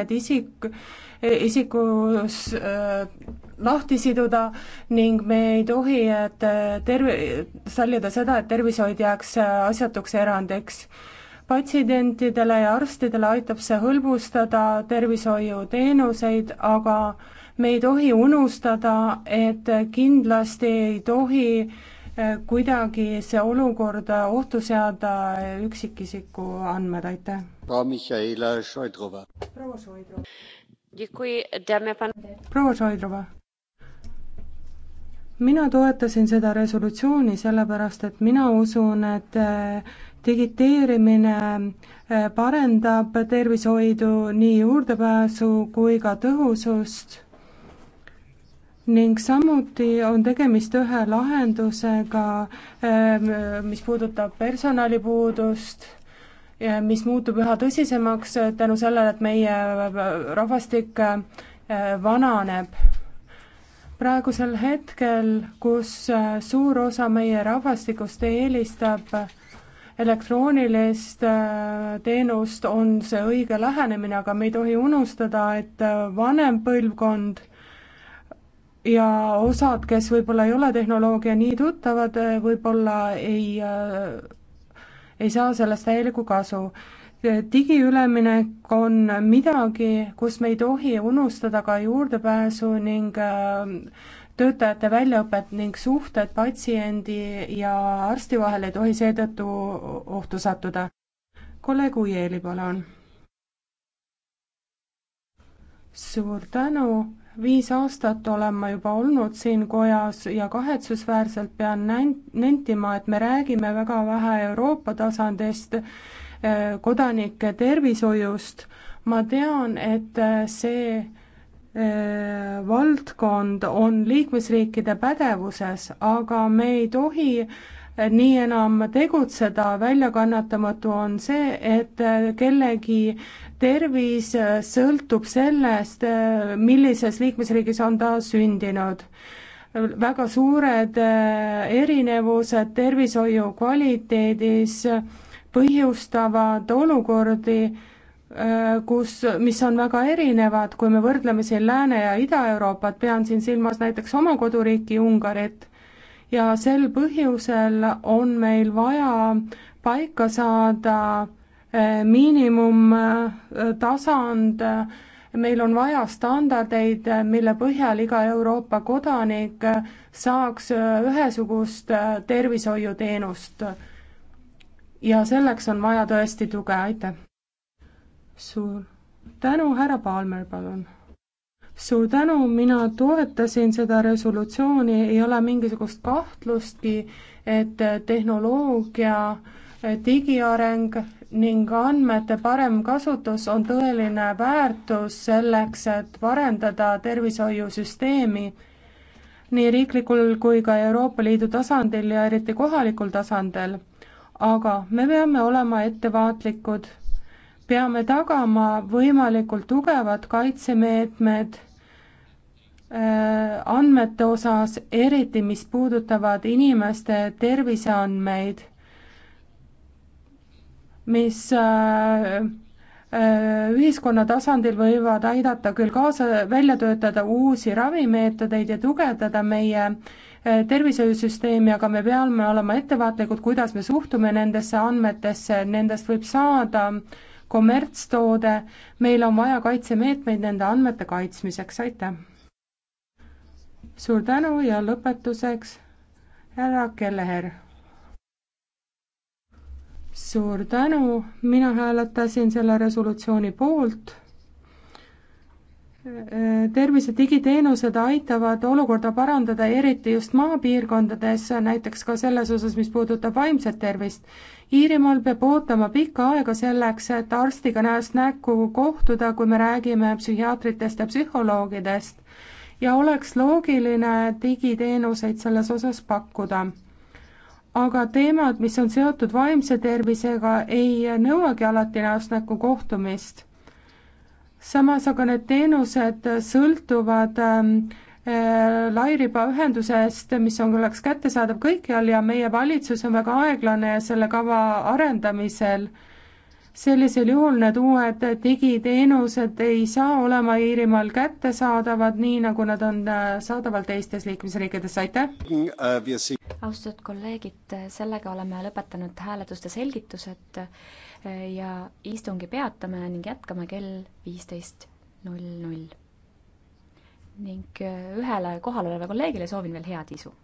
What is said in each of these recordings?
et isik, isikus äh, lahti siduda ning me ei tohi, et äh, terve, sallida seda, et tervishoid jääks äh, asjatuks erandiks patsientidele ja arstidele aitab see hõlbustada tervishoiuteenuseid, aga me ei tohi unustada, et kindlasti ei tohi Äh, kuidagi see olukord ohtu seada äh, üksikisiku andmed, aitäh. proua Šoidrova. proua Šoidrova. mina toetasin seda resolutsiooni sellepärast, et mina usun, et äh, digiteerimine parendab tervishoidu nii juurdepääsu kui ka tõhusust ning samuti on tegemist ühe lahendusega, ähm, mis puudutab personalipuudust, mis muutub üha tõsisemaks tänu sellele, et meie rahvastik äh, vananeb. praegusel hetkel, kus äh, suur osa meie rahvastikust eelistab elektroonilist äh, teenust, on see õige lähenemine, aga me ei tohi unustada, et vanem põlvkond ja osad, kes võib-olla ei ole tehnoloogia nii tuttavad, võib-olla ei, äh, ei saa sellest täielikku kasu. digiüleminek on midagi, kus me ei tohi unustada ka juurdepääsu ning äh, töötajate väljaõpet ning suhted patsiendi ja arsti vahel ei tohi seetõttu ohtu sattuda. kolleeg Ujeli, palun. suur tänu viis aastat olen ma juba olnud siin kojas ja kahetsusväärselt pean nentima, et me räägime väga vähe Euroopa tasandist, eh, kodanike tervishoiust. ma tean, et eh, see eh, valdkond on liikmesriikide pädevuses, aga me ei tohi nii enam tegutseda, väljakannatamatu on see, et kellegi tervis sõltub sellest, millises liikmesriigis on ta sündinud. väga suured erinevused tervishoiu kvaliteedis põhjustavad olukordi, kus, mis on väga erinevad, kui me võrdleme siin Lääne- ja Ida-Euroopat, pean siin silmas näiteks oma koduriiki Ungarit, ja sel põhjusel on meil vaja paika saada eh, miinimumtasand, eh, meil on vaja standardeid, mille põhjal iga Euroopa kodanik saaks eh, ühesugust tervishoiuteenust. ja selleks on vaja tõesti tuge, aitäh! suur tänu, härra Palmer, palun! suur tänu, mina toetasin seda resolutsiooni, ei ole mingisugust kahtlustki, et tehnoloogia digiareng ning andmete parem kasutus on tõeline väärtus selleks, et parendada tervishoiusüsteemi nii riiklikul kui ka Euroopa Liidu tasandil ja eriti kohalikul tasandil. aga me peame olema ettevaatlikud, peame tagama võimalikult tugevad kaitsemeetmed Äh, andmete osas, eriti mis puudutavad inimeste terviseandmeid, mis äh, äh, ühiskonna tasandil võivad aidata küll kaasa, välja töötada uusi ravimeetodeid ja tugevdada meie tervishoiusüsteemi, aga me peame olema ettevaatlikud, kuidas me suhtume nendesse andmetesse, nendest võib saada kommertstoode, meil on vaja kaitsemeetmeid nende andmete kaitsmiseks, aitäh! suur tänu ja lõpetuseks härra Kelleher. suur tänu, mina hääletasin selle resolutsiooni poolt tervise digiteenused aitavad olukorda parandada, eriti just maapiirkondades, näiteks ka selles osas, mis puudutab vaimset tervist. Iirimaal peab ootama pikka aega selleks, et arstiga näost näkku kohtuda, kui me räägime psühhiaatritest ja psühholoogidest ja oleks loogiline digiteenuseid selles osas pakkuda. aga teemad, mis on seotud vaimse tervisega, ei nõuagi alati näost-näkku kohtumist. samas aga need teenused sõltuvad ähm, äh, lairibaühendusest, mis on, oleks kättesaadav kõikjal ja meie valitsus on väga aeglane selle kava arendamisel sellisel juhul need uued digiteenused ei saa olema Iirimaal kättesaadavad, nii nagu nad on äh, saadaval teistes liikmesriikides, aitäh! austatud kolleegid, sellega oleme lõpetanud hääletuste selgitused äh, ja istungi peatame ning jätkame kell viisteist null null. ning äh, ühele kohalolevale kolleegile soovin veel head isu!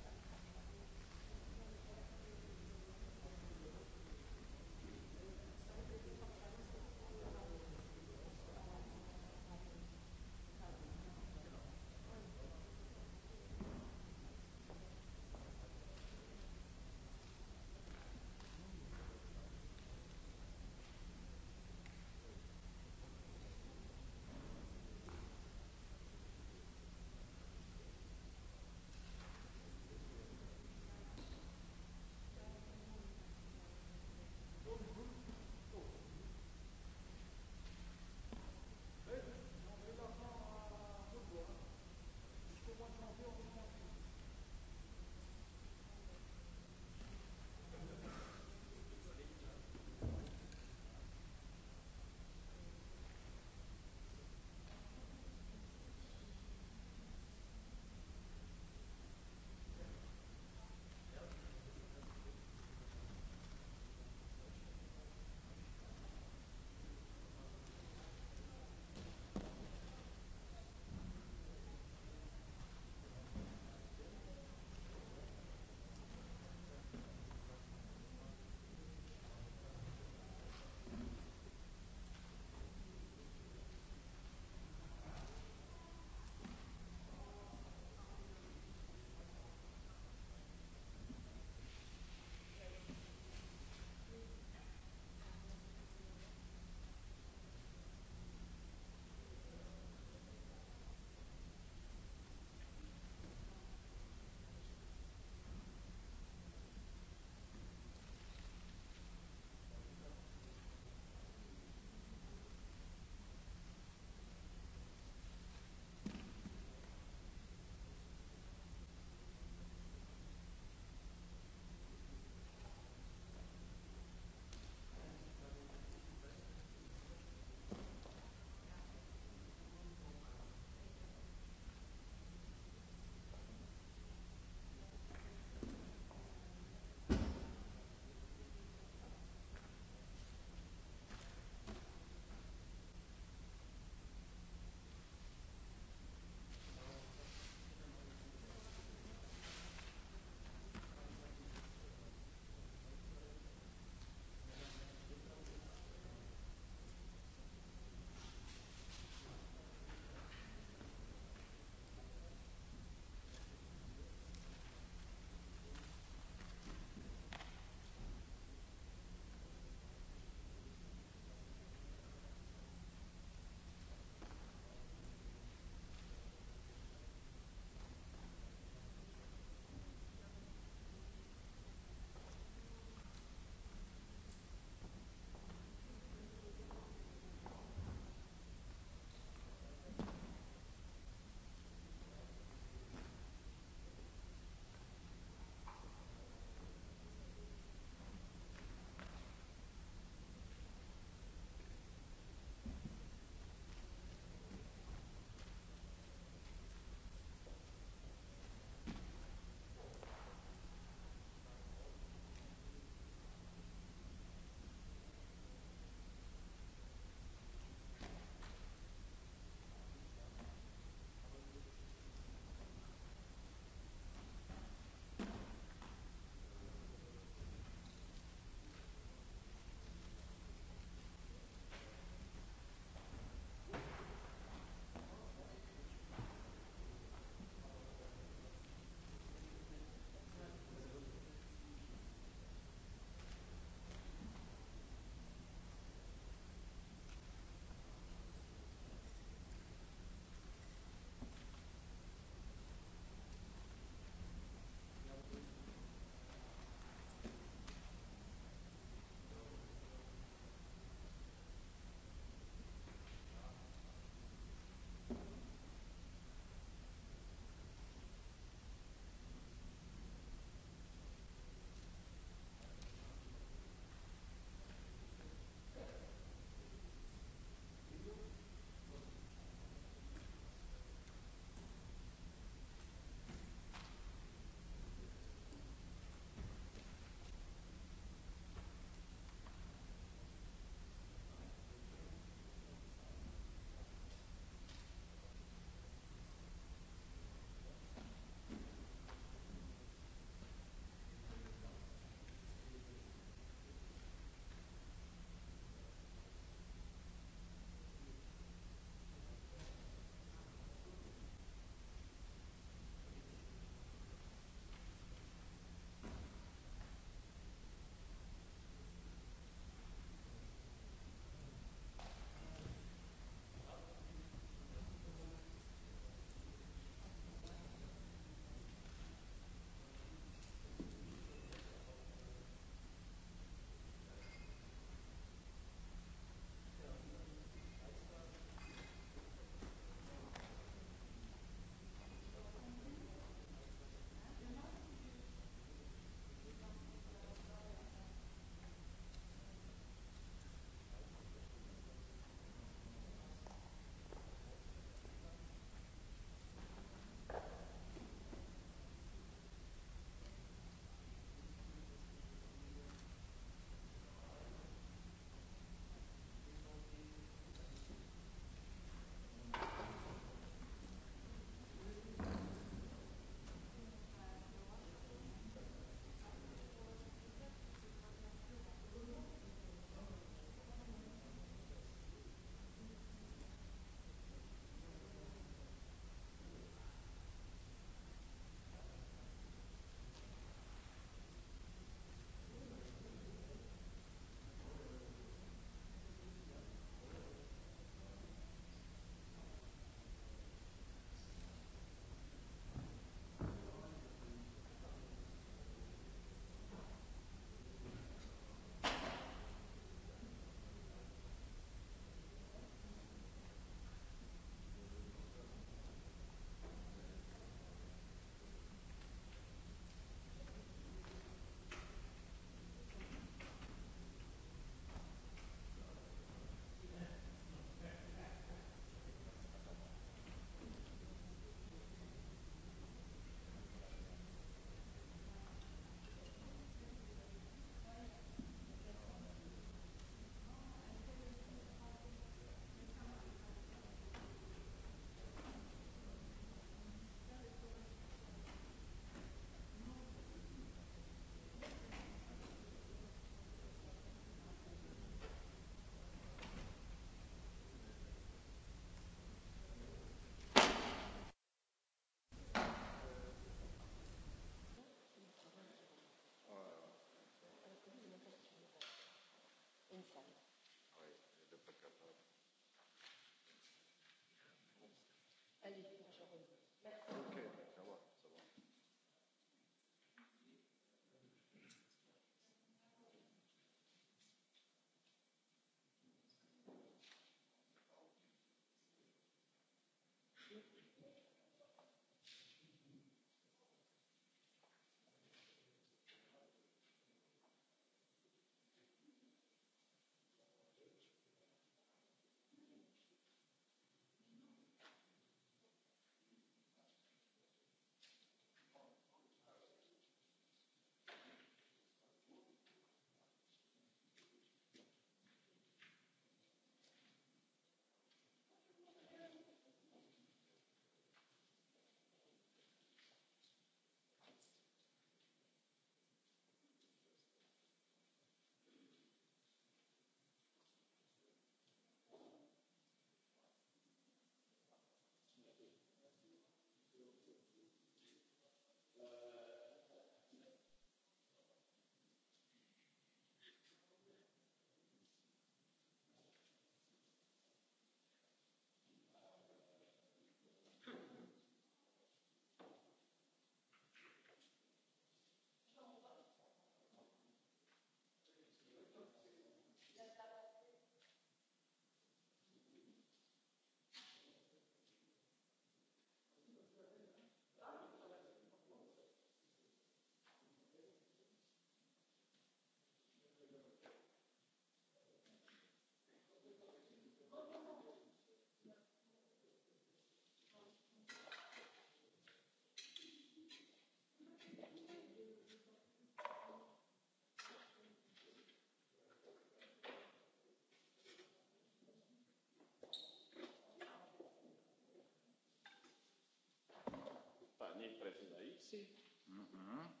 see. Mm-hmm.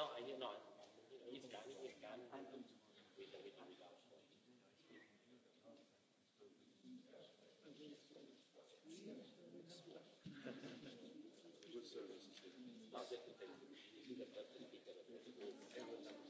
No, I didn't. No, he's gone. He's gone. We don't. We don't. Good service. Not just the thing. This is the first thing.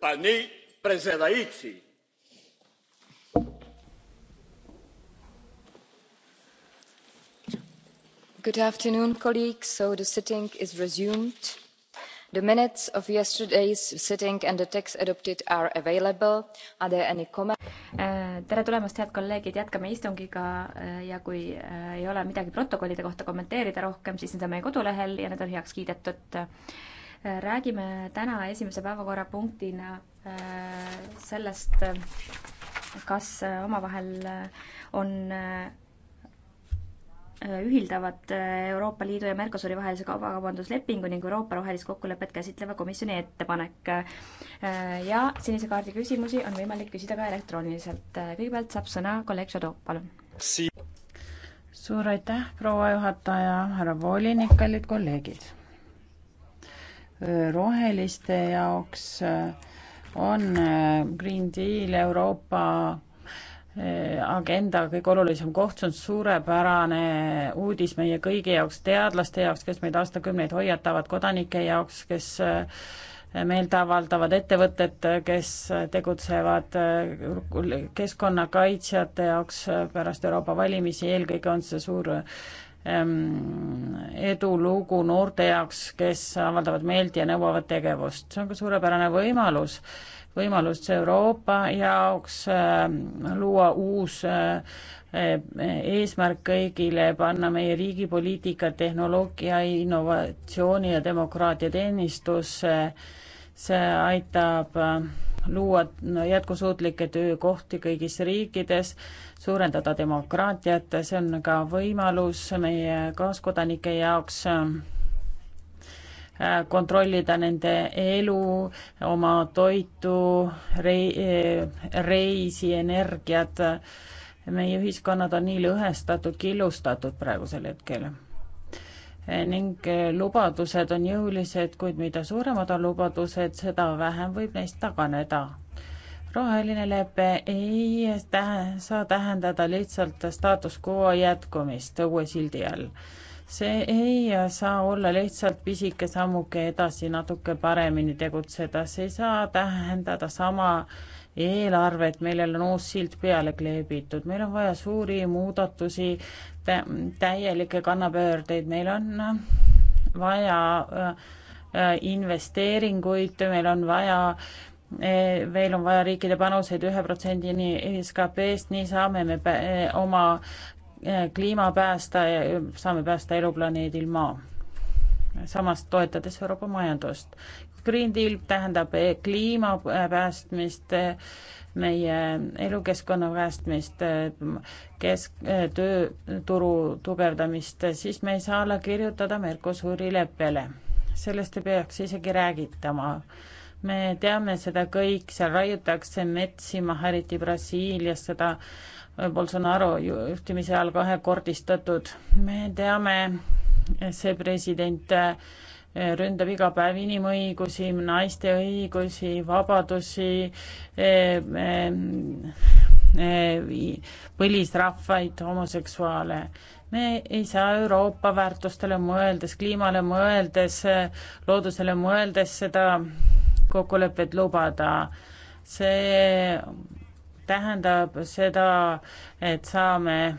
pani presedající good afternoon colleagues so the sitting is resumed. the minutes of yesterday's sitting and the text adopted are available. are there any comments? Äh, tere tulemast, head kolleegid, jätkame istungiga äh, ja kui äh, ei ole midagi protokollide kohta kommenteerida rohkem, siis need on meie kodulehel ja need on heaks kiidetud räägime täna esimese päevakorrapunktina äh, sellest, kas äh, omavahel äh, on ühildavad Euroopa Liidu ja Mercosuri vahelise kaubakaubanduslepingu ning Euroopa rohelist kokkulepet käsitleva komisjoni ettepanek. ja sinise kaardi küsimusi on võimalik küsida ka elektrooniliselt. kõigepealt saab sõna kolleeg Šadov, palun. suur aitäh, proua juhataja, härra volinik, kallid kolleegid roheliste jaoks on äh, Green Deal Euroopa äh, agenda kõige olulisem koht, see on suurepärane uudis meie kõigi jaoks, teadlaste jaoks, kes meid aastakümneid hoiatavad, kodanike jaoks, kes äh, meelt avaldavad ettevõtted, kes tegutsevad keskkonnakaitsjate jaoks pärast Euroopa valimisi, eelkõige on see suur Ähm, edulugu noorte jaoks, kes avaldavad meelt ja nõuavad tegevust. see on ka suurepärane võimalus, võimalus Euroopa jaoks ähm, luua uus äh, eesmärk kõigile, panna meie riigi poliitika, tehnoloogia, innovatsiooni ja demokraatia teenistusse. see aitab äh, luua jätkusuutlikke töökohti kõigis riikides, suurendada demokraatiat, see on ka võimalus meie kaaskodanike jaoks äh, kontrollida nende elu, oma toitu, rei-, äh, reisi, energiat. meie ühiskonnad on nii lõhestatud, killustatud praegusel hetkel Eh, ning eh, lubadused on jõulised, kuid mida suuremad on lubadused, seda vähem võib neist taganeda. roheline lepe ei tähe, saa tähendada lihtsalt staatus quo jätkumist uue sildi all. see ei saa olla lihtsalt pisike sammuke edasi natuke paremini tegutseda, see ei saa tähendada sama eelarvet, millel on uus silt peale kleebitud, meil on vaja suuri muudatusi täielikke kannapöördeid, meil on vaja äh, äh, investeeringuid, meil on vaja äh, veel on vaja riikide panuseid ühe protsendini SKP-st, nii saame me oma kliima päästa ja saame päästa eluplaneedil Maa. samas toetades Euroopa majandust. Green Deal tähendab kliima päästmist meie elukeskkonna päästmist, kesk, tööturu tugevdamist, siis me ei saa alla kirjutada Mercosuri leppele. sellest ei peaks isegi räägitama. me teame seda kõik, seal raiutakse metsi maha, eriti Brasiilias seda Bolsonaro juhtimise all kahekordistatud. me teame, see president äh, ründab iga päev inimõigusi, naiste õigusi, vabadusi, e, e, e, põlisrahvaid, homoseksuaale. me ei saa Euroopa väärtustele mõeldes, kliimale mõeldes, loodusele mõeldes seda kokkulepet lubada. see tähendab seda, et saame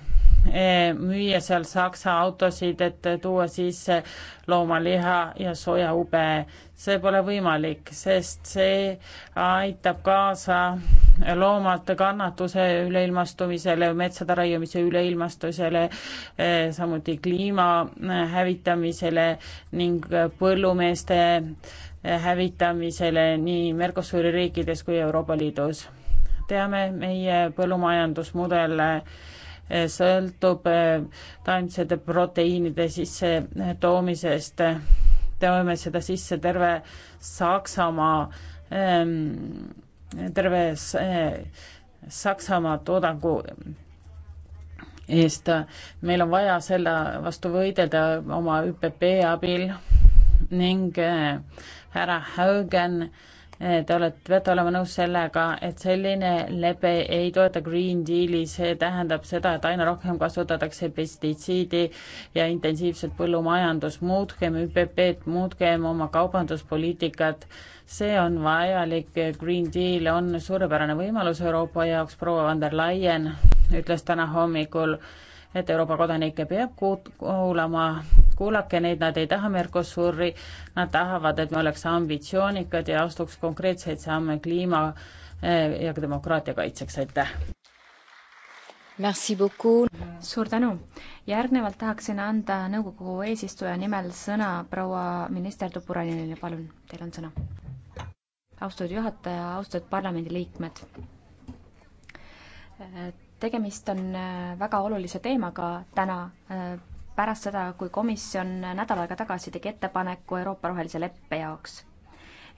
müüa seal Saksa autosid, et tuua sisse loomaliha ja soja ube. see pole võimalik, sest see aitab kaasa loomade kannatuse üleilmastumisele, metsade raiumise üleilmastumisele, samuti kliima hävitamisele ning põllumeeste hävitamisele nii Mercosuri riikides kui Euroopa Liidus. teame, meie põllumajandusmudel sõltub eh, taimsete proteiinide sissetoomisest. toome seda sisse terve Saksamaa, ehm, terve eh, Saksamaa toodangu eest. meil on vaja selle vastu võidelda oma ÜPP abil ning eh, härra Haugen Te olete, peate olema nõus sellega, et selline lepe ei toeta Green Deali, see tähendab seda, et aina rohkem kasutatakse pestitsiidi ja intensiivselt põllumajandus, muutkem ÜPP-d, muutkem oma kaubanduspoliitikat, see on vajalik, Green Deal on suurepärane võimalus Euroopa jaoks, proua von der Leyen ütles täna hommikul, et Euroopa kodanikke peab kuulama, kuulake neid, nad ei taha Mercosuri, nad tahavad, et me oleks ambitsioonikad ja astuks konkreetseid samme kliima eh, ja demokraatia kaitseks, aitäh! Merci beaucoup. suur tänu. järgnevalt tahaksin anda nõukogu eesistuja nimel sõna proua minister Tupuranile, palun, teil on sõna. austatud juhataja, austatud parlamendiliikmed tegemist on äh, väga olulise teemaga täna, äh, pärast seda, kui komisjon nädal aega tagasi tegi ettepaneku Euroopa rohelise leppe jaoks.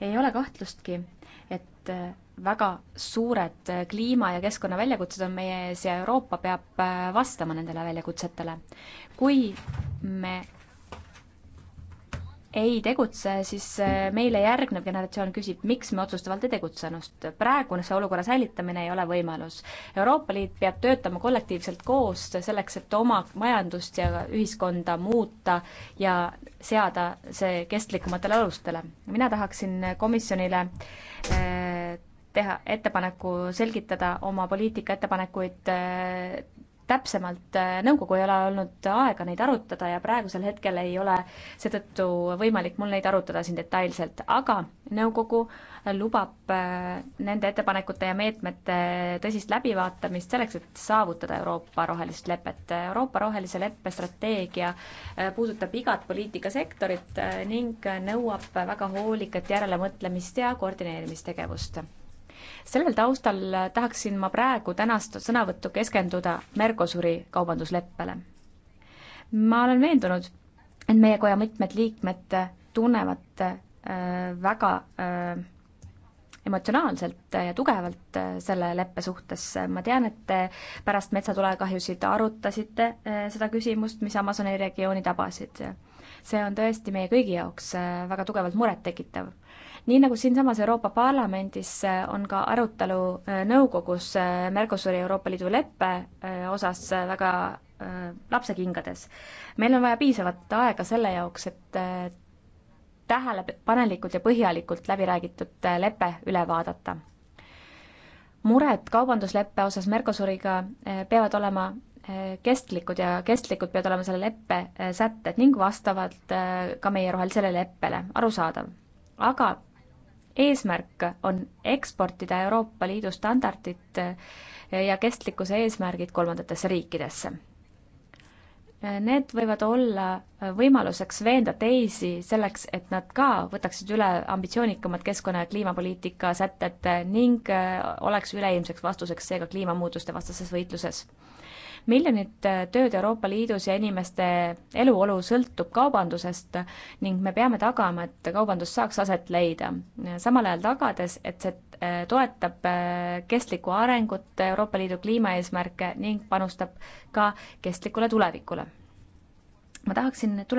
ei ole kahtlustki, et äh, väga suured kliima- ja keskkonnaväljakutsed on meie ees ja Euroopa peab vastama nendele väljakutsetele. kui me ei tegutse, siis äh, meile järgnev generatsioon küsib, miks me otsustavalt ei tegutsenud. praegune see olukorra säilitamine ei ole võimalus. Euroopa Liit peab töötama kollektiivselt koos selleks, et oma majandust ja ühiskonda muuta ja seada see kestlikumatele alustele. mina tahaksin komisjonile äh, teha ettepaneku selgitada oma poliitikaettepanekuid äh, täpsemalt, äh, nõukogu ei ole olnud aega neid arutada ja praegusel hetkel ei ole seetõttu võimalik mul neid arutada siin detailselt, aga nõukogu äh, lubab äh, nende ettepanekute ja meetmete tõsist läbivaatamist selleks, et saavutada Euroopa rohelist lepet. Euroopa rohelise leppe strateegia puudutab igat poliitikasektorit ning nõuab väga hoolikat järelemõtlemist ja koordineerimistegevust sellel taustal tahaksin ma praegu tänast sõnavõttu keskenduda Mercosuri kaubandusleppele. ma olen veendunud, et meie koja mitmed liikmed tunnevad äh, väga äh, emotsionaalselt ja tugevalt äh, selle leppe suhtes. ma tean, et te pärast metsatulekahjusid arutasite äh, seda küsimust, mis Amazoni regiooni tabasid. see on tõesti meie kõigi jaoks äh, väga tugevalt murettekitav nii nagu siinsamas Euroopa Parlamendis äh, on ka arutelu äh, nõukogus äh, Mercosuri Euroopa Liidu leppe osas väga lapsekingades. meil on vaja piisavat aega selle jaoks, et tähelepanelikult ja põhjalikult läbi räägitud lepe üle vaadata. mured kaubandusleppe osas Mercosuriga peavad olema kestlikud ja kestlikud peavad olema selle leppe sätted ning vastavalt ka meie rohelisele leppele, arusaadav. aga eesmärk on eksportida Euroopa Liidu standardid eh, ja kestlikkuse eesmärgid kolmandatesse riikidesse. Eh, need võivad olla eh, võimaluseks veenda teisi selleks, et nad ka võtaksid üle ambitsioonikamad keskkonna- ja kliimapoliitika sätted ning oleks üleilmseks vastuseks seega kliimamuutuste vastases võitluses miljonit äh, tööd Euroopa Liidus ja inimeste eluolu sõltub kaubandusest ning me peame tagama, et kaubandus saaks aset leida. samal ajal tagades, et see äh, toetab äh, kestlikku arengut, Euroopa Liidu kliimaeesmärke ning panustab ka kestlikule tulevikule ma tahaksin tulla